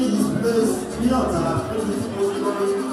in this place ní ọ̀tà lórí orí ọ̀rọ̀ yìí.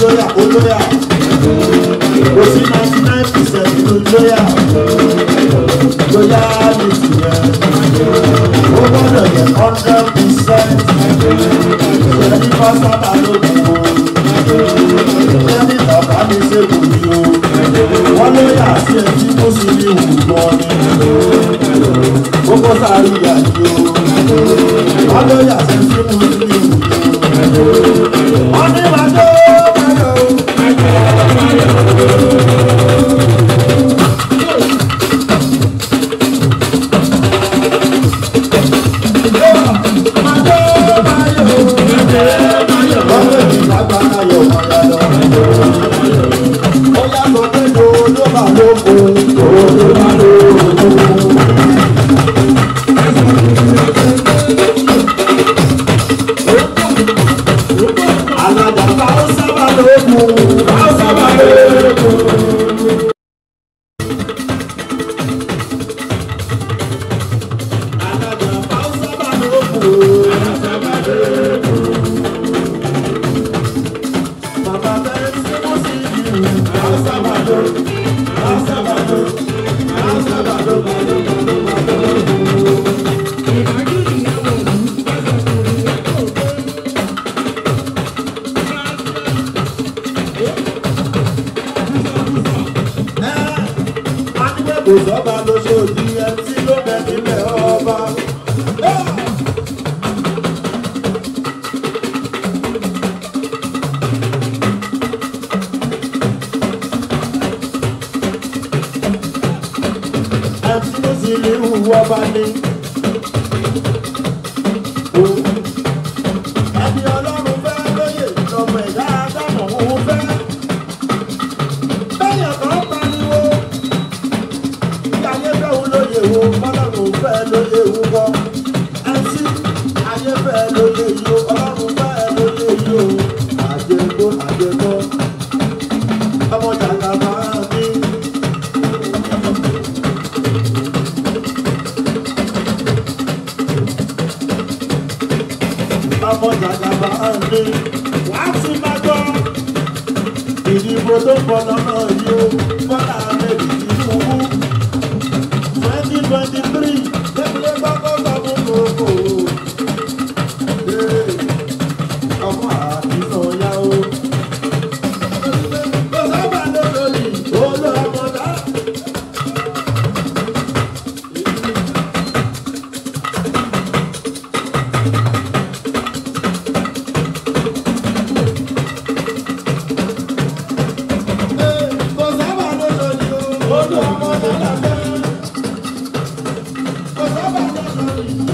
lóyà ó lóyà kò sí ninety nine percent ló lóyà lóyà ní tìyẹn ó gbọ́dọ̀ yẹ hundred percent ẹni bá sábà ló kù o ẹni bàbá mi ṣe kù mí o wọ́n lóyà sí ẹtí kó sì ní ìwùgbọ́ ni ó kó sáré yàtí o wọ́n lóyà sí ẹtí kó sì ní ìwùgbọ́ ni. Alada tá o sábado, ìdílé wọ́n bá dé. wàá tún máa gbọ́ ìdìbò tó pọ̀ lọ́nà yìí o. Thank you.